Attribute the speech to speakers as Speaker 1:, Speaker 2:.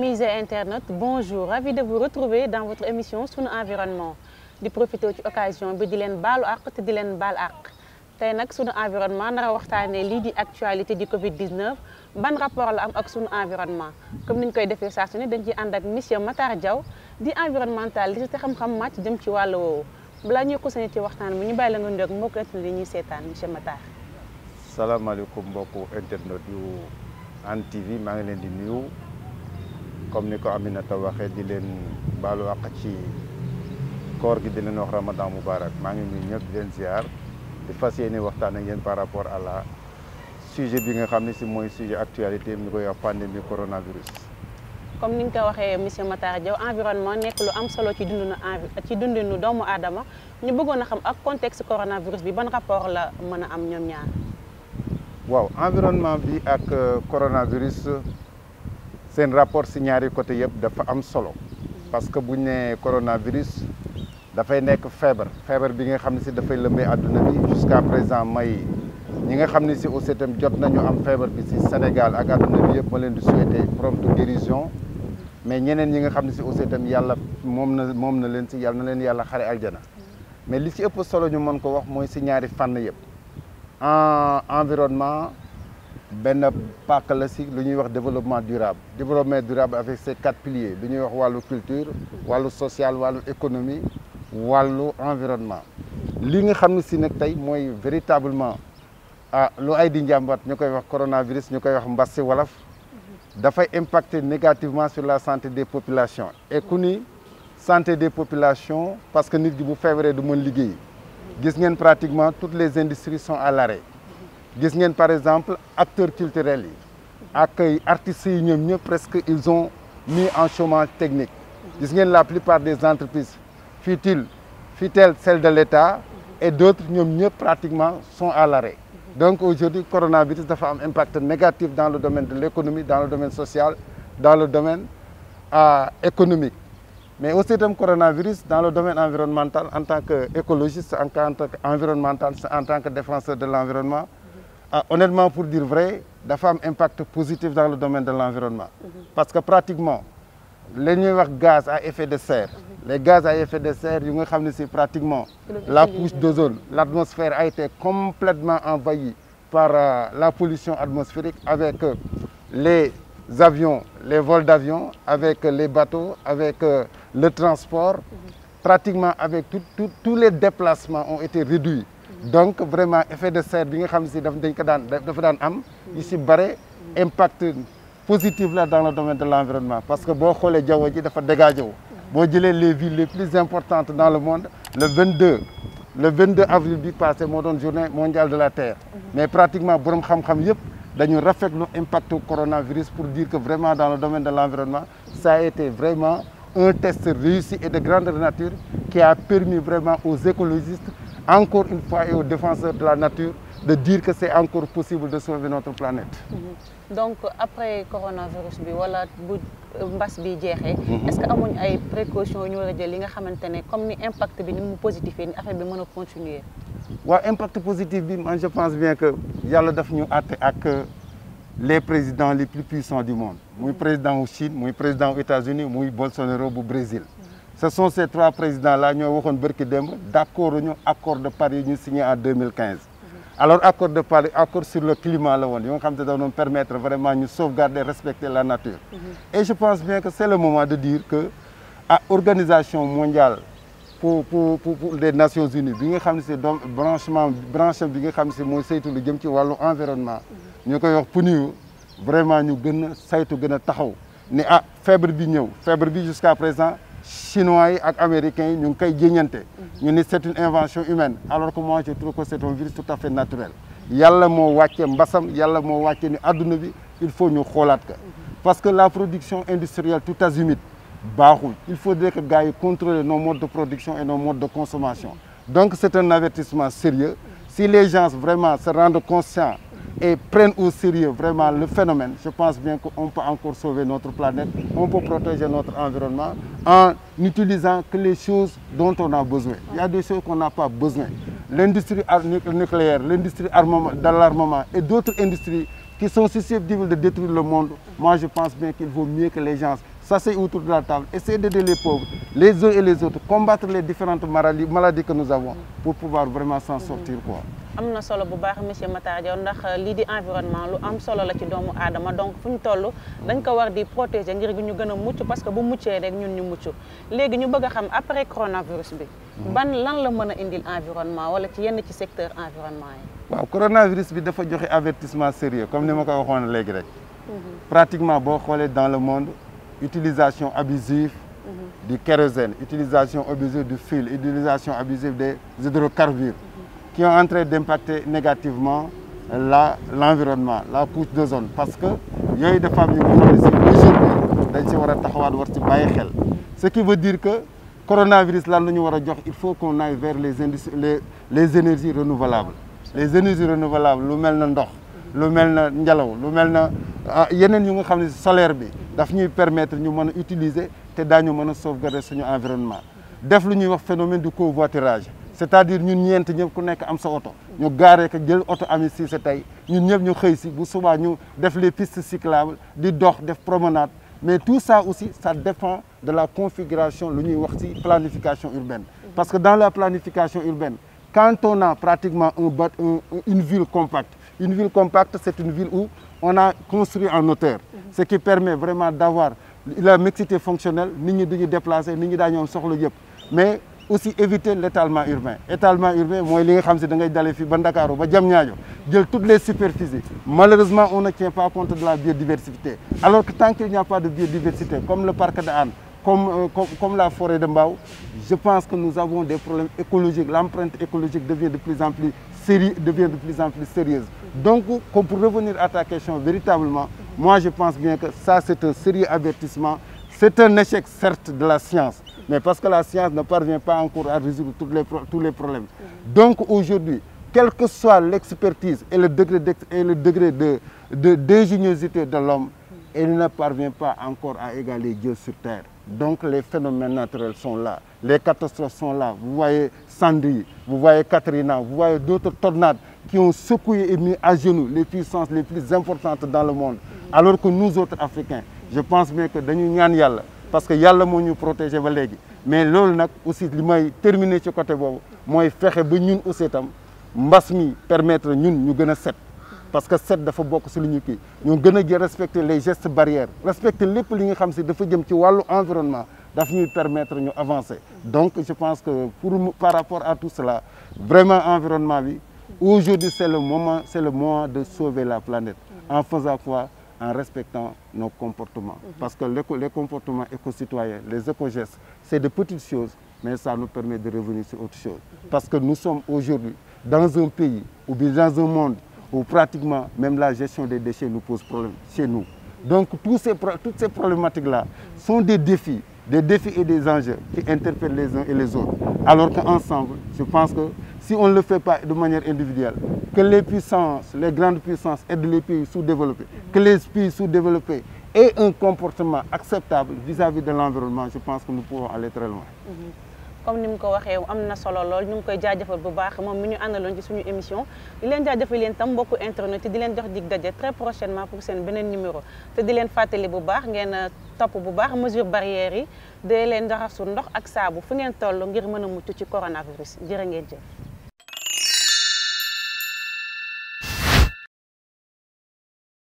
Speaker 1: amis et internautes bonjour ravi de vous retrouver dans votre émission sur sunu environnement di profité ci occasion bi di leen baalu àq te di leen baal àq tey nag sunu environnement nara waxtaanee lii di actualité di Covid 19 ban rapport la am ak sunu environnement comme ni ñu koy defee saa su ne dañ ciy ànd ak monsieur Matar Diaw di environnementaliste te xam-xam màcc jëm ci wàll woowu balaa ñuy ko ci waxtaan bi ñu bàyyi la nga ndoog mbokk internet yi ñuy seetaan monsieur Matar.
Speaker 2: salaamaaleykum mbokku internet yu Hann TV ngi leen di nuyu. comme ni ko Aminata waxe di len balu ak ci koor gi di len wax ramadan mubarak ma ngi nuyu ñepp di leen ziar di fasiyene waxtaan ak yeen par rapport à la sujet bi nga xamni ci si sujet actualité mi koy wax pandémie coronavirus.
Speaker 1: comme ni nga waxe monsieur Matar Diaw environnement nek lu am solo ci dundinu ci dundinu doomu adama ñu bëggoon a xam ak contexte coronavirus bi ban rapport la mëna am ñom ñaar.
Speaker 2: waaw environnement bi ak euh, coronavirus. seen rapport ci ñaari côté yëpp dafa am solo parce que buñ né coronavirus da fay nek fièvre fièvre bi nga xamni ci da fay lëmbee aduna bi jusqu'à présent may ñi nga xamni ci si jot nañu am fièvre bi ci Sénégal ak aduna bi yëpp ma leen di souhaiter prompte guérison mais ñeneen ñi nga xamni ci si yalla mom na mom na leen ci yalla na leen yalla xare aljana mais li ci ëpp solo ñu mën ko wax moy ci ñaari fànn yëpp en environnement ben pàcc le lu développement durable développement durable avec ses quatre piliers lu ñuy wax culture culture la social de économie wàllu environnement li nga xam ne véritablement à ah, lu ay di coronavirus nous koy wax mbas si impacter négativement sur la santé des populations et kuni santé des populations parce que nous avons bu février du mën gis pratiquement toutes les industries sont à l'arrêt par exemple acteurs culturels les artistes presque ils ont mis en chômage technique la plupart des entreprises futiles, il celles de l'État et d'autres mieux pratiquement sont à l'arrêt donc aujourd'hui le coronavirus a un impact négatif dans le domaine de l'économie dans le domaine social dans le domaine euh, économique mais aussi le coronavirus dans le domaine environnemental en tant qu'écologiste en tant qu'environnementaliste en tant que défenseur de l'environnement ah, honnêtement, pour dire vrai, la femme impact positif dans le domaine de l'environnement. Parce que pratiquement, les gaz à effet de serre, les gaz à effet de serre, c'est pratiquement la couche d'ozone. L'atmosphère a été complètement envahie par euh, la pollution atmosphérique avec euh, les avions, les vols d'avions, avec euh, les bateaux, avec le transport. Mhm. Pratiquement avec tous les déplacements ont été réduits donc vraiment l'effet de serre bi nga xam dañ ko impact positif dans le domaine de l'environnement parce que si xoolee jaww dafa les villes les plus importantes dans le monde le 22 le 22 avril du passé journée mondiale de la terre mais pratiquement borom xam-xam yëpp dañu l'impact du coronavirus pour dire que vraiment dans le domaine de l'environnement ça a été vraiment un test réussi et de grande nature qui a permis vraiment aux écologistes encore une fois et aux défenseurs de la nature de dire que c'est encore possible de sauver notre planète. Mhm.
Speaker 1: Donc après le coronavirus euh, mhm. est-ce que amuñ ay précautions ñu a jël li nga xamante comme ni impact positif ni affaire bi continuer.
Speaker 2: L'impact impact positif je pense bien que nous daf ñu àtte ak euh, les présidents les plus puissants du monde. Nous président de Chine muy président aux États-Unis muy Bolsonaro au Brésil ce sont ces trois présidents-là qui ont d'accord accord de Paris signé en 2015 alors accord de Paris accord sur le climat nous permettre vraiment de sauvegarder respecter la nature mhm. et je pense bien que c'est le moment de dire que l'organisation mondiale pour les Nations Unies branchement branche bi environnement vraiment nous gën ah, jusqu'à présent chinois et américains ñu koy mhm. c'est une invention humaine alors que moi je trouve que c'est un virus tout à fait naturel il faut nous xoolaat mhm. parce que la production industrielle tout azimut humide. il faudrait que gars yi contrôlent nos modes de production et nos modes de consommation mhm. donc c'est un avertissement sérieux si les gens vraiment se rendent conscients et prennent au sérieux vraiment le phénomène, je pense bien qu'on peut encore sauver notre planète, on peut protéger notre environnement en n'utilisant que les choses dont on a besoin. Il y a des choses qu'on n'a pas besoin. L'industrie nucléaire, l'industrie de l'armement et d'autres industries qui sont susceptibles de détruire le monde, moi je pense bien qu'il vaut mieux que les gens s'asseyent autour de la table, essayer d'aider les pauvres, les uns et les autres, combattre les différentes maladies que nous avons pour pouvoir vraiment s'en sortir. Quoi
Speaker 1: am na solo bu baax monsieur Matar Diaw ndax euh, li di environnement lu am solo la ci doomu adama donc fuñ ñu dañ ko war di protéger ngir ñu gëna muccu parce que bu muccé rek ñun ñu muccu légui ñu bëgg xam après coronavirus bi
Speaker 2: hmm. ban
Speaker 1: lan la mëna a indil environnement wala ci yenn ci secteur environnement yi
Speaker 2: waaw coronavirus bi dafa joxe avertissement sérieux comme ni ma ko waxoon légui rek hmm. pratiquement bo xolé dans le monde utilisation abusive hmm. du kérosène utilisation abusive du fil utilisation abusive des hydrocarbures qui est en train d'impacter négativement l'environnement, la, couche de zone Parce que il y a des familles qui aujourd'hui, Ce qui veut dire que le coronavirus, il faut qu'on aille vers les, énergies renouvelables. Les énergies renouvelables, le mel ndox, le mel ngelaw, le mel ah, yenen yu nga xamni solaire bi daf ñuy permettre ñu mëna utiliser té dañu mëna sauvegarder suñu environnement. Def lu ñuy wax phénomène du covoiturage c'est-à-dire ñun ñent ñëpp ku nekk am sa auto ñu gaaree ko jël auto ami ci sa tay ñun ñëpp ñu xey ci bu subaa ñu def les pistes cyclables di dox def promenade mais tout ça aussi ça dépend de la configuration lu ñuy wax ci planification urbaine parce que dans la planification urbaine quand on a pratiquement un une ville compacte une ville compacte c'est une ville où on a construit en hauteur ce qui permet vraiment d'avoir la mixité fonctionnelle nit ñi duñu déplacer nit ñi dañu am yépp mais aussi éviter l'étalement urbain étalement urbain toutes les superficies malheureusement on ne tient pas compte de la biodiversité alors que tant qu'il n'y a pas de biodiversité comme le parc de euh, comme, comme, la forêt de Mbao, je pense que nous avons des problèmes écologiques. L'empreinte écologique devient de plus en plus série, devient de plus en plus sérieuse. Donc, pour revenir à ta question véritablement, moi je pense bien que ça c'est un sérieux avertissement. C'est un échec certes de la science, mais parce que la science ne parvient pas encore à résoudre tous les, tous problèmes. Donc aujourd'hui, quelle que soit l'expertise et le degré, de, d'ingéniosité de, l'homme, il ne parvient pas encore à égaler Dieu sur terre. Donc les phénomènes naturels sont là, les catastrophes sont là. Vous voyez Sandy, vous voyez Katrina, vous voyez d'autres tornades qui ont secoué et mis à genoux les puissances les plus importantes dans le monde. Alors que nous autres Africains, je pense bien que nous sommes parce que yàlla moo ñu protéger ba mais loolu nag aussi li may terminer ci côté boobu mooy fexe ba ñun aussi nous, permettre ñun ñu gën a set parce que set dafa bokk beaucoup lu nous. Nous ñu devons respecter les gestes barrières respecter lépp li nga xam si dafa jëm ci wàllu environnement daf ñuy permettre d'avancer. avancer donc je pense que par rapport à tout cela vraiment environnement aujourd'hui c'est le moment c'est le moment de sauver la planète en faisant quoi en respectant nos comportements. Mhm. Parce que les comportements éco-citoyens, les éco-gestes, c'est de petites choses, mais ça nous permet de revenir sur autre chose. Mhm. Parce que nous sommes aujourd'hui dans un pays ou bien dans un monde où pratiquement même la gestion des déchets nous pose problème chez nous. Donc tous ces, toutes ces problématiques-là mhm. sont des défis, des défis et des enjeux qui interpellent les uns et les autres. Alors qu'ensemble, je pense que si on ne le fait pas de manière individuelle, que les puissances, les grandes puissances aident les pays sous-développés, que les pays sous-développés aient un comportement acceptable vis-à-vis de l'environnement, je pense que nous pourrons aller très loin.
Speaker 1: Mhm. comme nous l'avons dit, nous avons na solo lool ñu fait, koy jaajëfal bu baax nous avons fait, àndaloon ci suñu émission Nous avons fait leen tam mbokku internet nous di leen jox dig daje très prochainement pour seen beneen numéro te di leen fàttali bu baax ngeen euh, top bu baax mesure de leen ak ngir a ci coronavirus